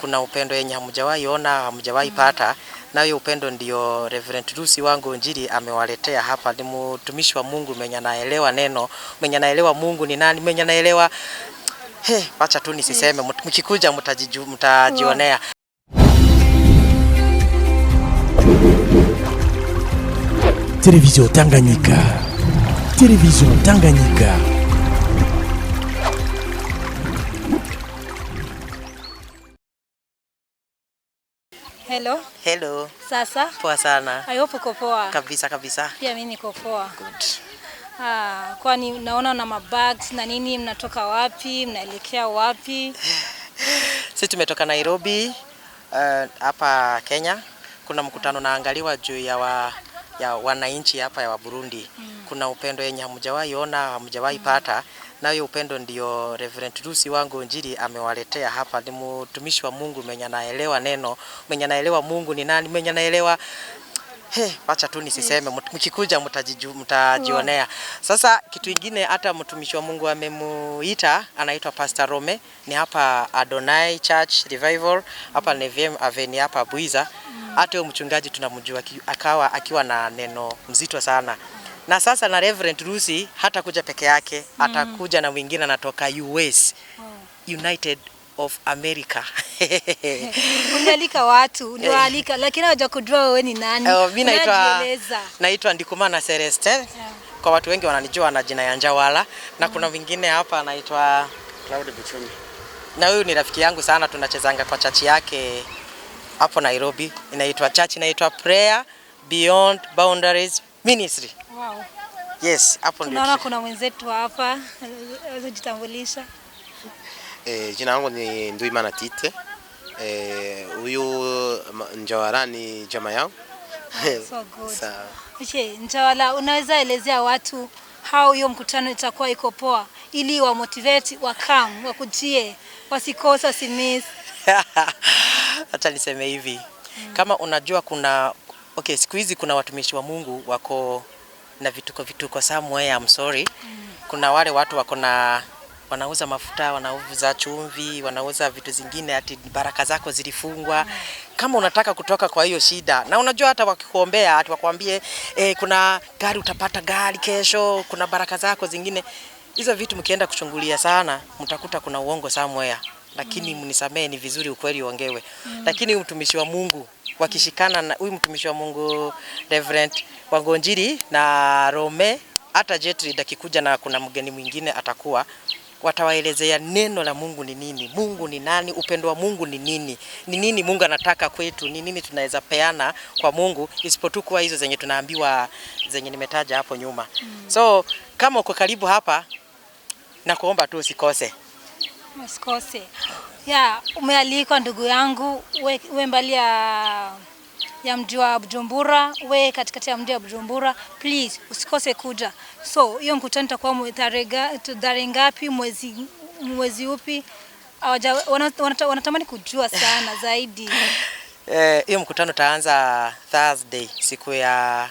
kuna upendo yenye hamjawahi ona, hamjawahi pata, na hiyo upendo ndio Reverend Lucy wangu Njiri amewaletea hapa. Ni mtumishi wa Mungu mwenye anaelewa neno, mwenye anaelewa Mungu ni nani, mwenye anaelewa he, wacha tu nisiseme, mkikuja mtajionea. Television Tanganyika. Television Tanganyika. Hello. Hello. Sasa? Poa sana. I hope uko poa. Kabisa kabisa. Pia mimi niko poa. Good. Ah, kwani naona na mabags na nini, mnatoka wapi? Mnaelekea wapi? Sisi tumetoka Nairobi eh, hapa uh, Kenya. Kuna mkutano naangaliwa juu ya wa ya wananchi hapa ya Burundi mm. Kuna upendo yenye hamjawahi ona, hamjawahi mm. pata na hiyo upendo ndio Reverend Lucy wangu Njiri amewaletea hapa. Ni mtumishi wa Mungu mwenye anaelewa neno, mwenye anaelewa Mungu ni nani, mwenye anaelewa He, wacha tu nisiseme, mkikuja mtajionea. Sasa kitu ingine, hata mtumishi wa Mungu amemuita, anaitwa Pastor Rome, ni hapa Adonai Church Revival hapa Neviem Avenue hapa Buiza hata huyo mchungaji tunamjua akawa akiwa na neno mzito sana na sasa na Reverend Lucy hata kuja peke yake mm. atakuja na mwingine anatoka US oh. United of America unalika watu ndio lakini hawaja kujua wewe ni nani. oh, mimi naitwa naitwa Ndikumana Celeste yeah. Kwa watu wengi wananijua na jina ya Njawala na mm. kuna mwingine hapa anaitwa Claude Buchumi, na huyu ni rafiki yangu sana, tunachezanga kwa chachi yake hapo Nairobi, inaitwa church inaitwa Prayer Beyond Boundaries Ministry. Wow. Yes, hapo ndio. Tunaona kuna mwenzetu hapa azojitambulisha. Eh, jina langu ni Nduimana Tite. Eh, huyu Njawara ni jamaa yangu. Ah, so good. Sa... Okay, Njawara, unaweza elezea watu hao hiyo mkutano itakuwa iko poa ili wa motivate wa come wakujie wasikose, wasimiss Hata niseme hivi kama unajua kuna okay, siku hizi kuna watumishi wa Mungu wako na vituko vituko somewhere, I'm sorry. Kuna wale watu wako na wanauza mafuta, wanauza chumvi, wanauza vitu zingine, ati baraka zako zilifungwa. Kama unataka kutoka kwa hiyo shida, na unajua hata wakikuombea, ati wakwambie eh, kuna gari utapata gari kesho, kuna baraka zako zingine, hizo vitu mkienda kuchungulia sana, mtakuta kuna uongo somewhere lakini mm. mnisamee, ni vizuri ukweli uongewe. Mm. Lakini huyu mtumishi wa Mungu wakishikana na huyu mtumishi wa Mungu Reverend Wangonjiri na Rome, hata Jetrid akikuja na kuna mgeni mwingine atakuwa watawaelezea neno la Mungu ni nini, Mungu ni nani, upendo wa Mungu ni nini, ni nini Mungu anataka kwetu, ni nini tunaweza peana kwa Mungu isipotukuwa hizo zenye tunaambiwa zenye nimetaja hapo nyuma. Mm. So kama uko karibu hapa, nakuomba tu usikose. Msikose. ya umealikwa ndugu yangu, we, we mbali ya ya mji wa Bujumbura, we katikati ya mji wa Bujumbura, please usikose kuja. So hiyo mkutano itakuwa tarehe ngapi, mwezi mwezi upi? Wanata, wanatamani kujua sana zaidi eh, hiyo mkutano utaanza Thursday siku ya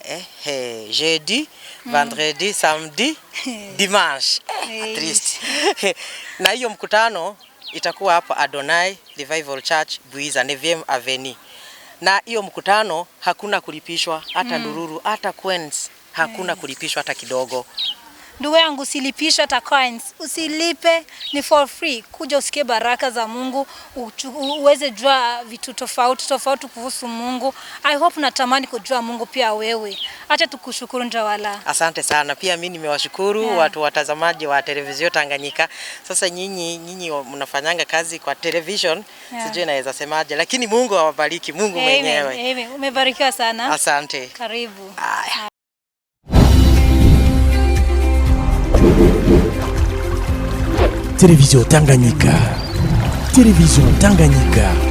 eh, hey, eh, jeudi Hmm. vendredi, samedi, dimanche. Ah, triste. Na hiyo mkutano itakuwa hapo Adonai Revival Church Buiza Neviem Avenue. Na hiyo mkutano hakuna kulipishwa hata hmm. dururu hata queens, hakuna kulipishwa hata kidogo. Ndugu yangu usilipisha hata coins, usilipe, ni for free. Kuja usikie baraka za Mungu, uweze jua vitu tofauti tofauti kuhusu Mungu. I hope natamani kujua Mungu pia wewe. Acha tukushukuru ndio wala. Asante sana. Pia mimi nimewashukuru yeah, watu watazamaji wa Televizio Tanganyika. Sasa nyinyi nyinyi mnafanyanga kazi kwa television, yeah, sijui naweza semaje, lakini Mungu awabariki, Mungu mwenyewe. Amen. Umebarikiwa sana. Asante. Karibu. Aya. Télévision Tanganyika. Télévision Tanganyika.